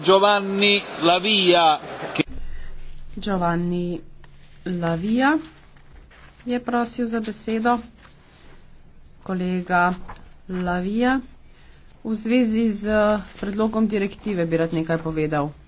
Giovanni Lavia. Che... Giovanni Lavia je prosil za besedo. Kolega Lavia, v zvezi z predlogom direktive bi rad nekaj povedal.